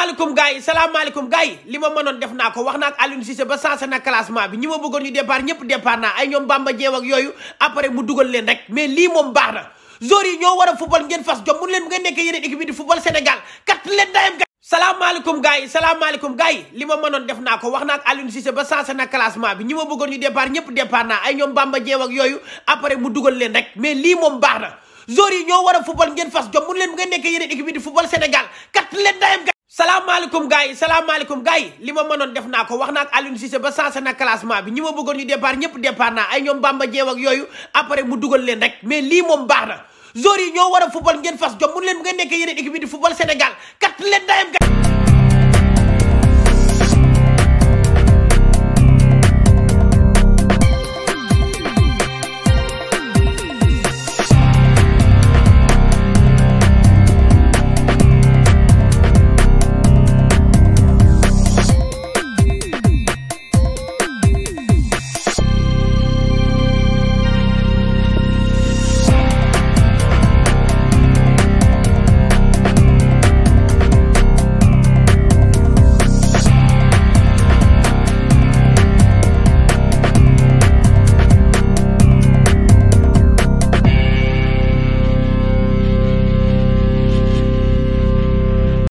salaamaaleykum gars yi salaamaaleykum gars yi li ma mënoon def naa ko wax naa ak Aliou ba sensé na classement bi ñi ma bëggoon ñu départ ñëpp départ naa ay ñoom Bamba Dieng ak yooyu après mu dugal leen rek mais lii moom baax na joueurs yi ñoo war a football ngeen fas jom mun leen nga nekk yeneen équipe yi di football Sénégal kat leen dayam gars salaamaaleykum gars yi yi li ma mënoon def naa ko wax naa ak Aliou Cissé ba sensé na classement bi ñi ma bëggoon ñu départ ñëpp départ naa ay ñoom Bamba mu leen rek mais lii moom baax na joueurs yi ñoo war a football ngeen fas leen nga nekk yeneen équipe yi di football Sénégal salaamaaleykum gars yi salaamaaleykum gars yi li ma mënoon def naa ko wax naa ak Aliou Cissé ba sensé na classement bi ñi ma bëggoon ñu départ ñëpp départ naa ay ñoom Bamba Jeew ak yooyu après mu dugal leen rek mais lii moom baax na joueurs yi ñoo war a football ngeen fas jom mun leen bu ngeen nekkee yeneen équipe yi di football Sénégal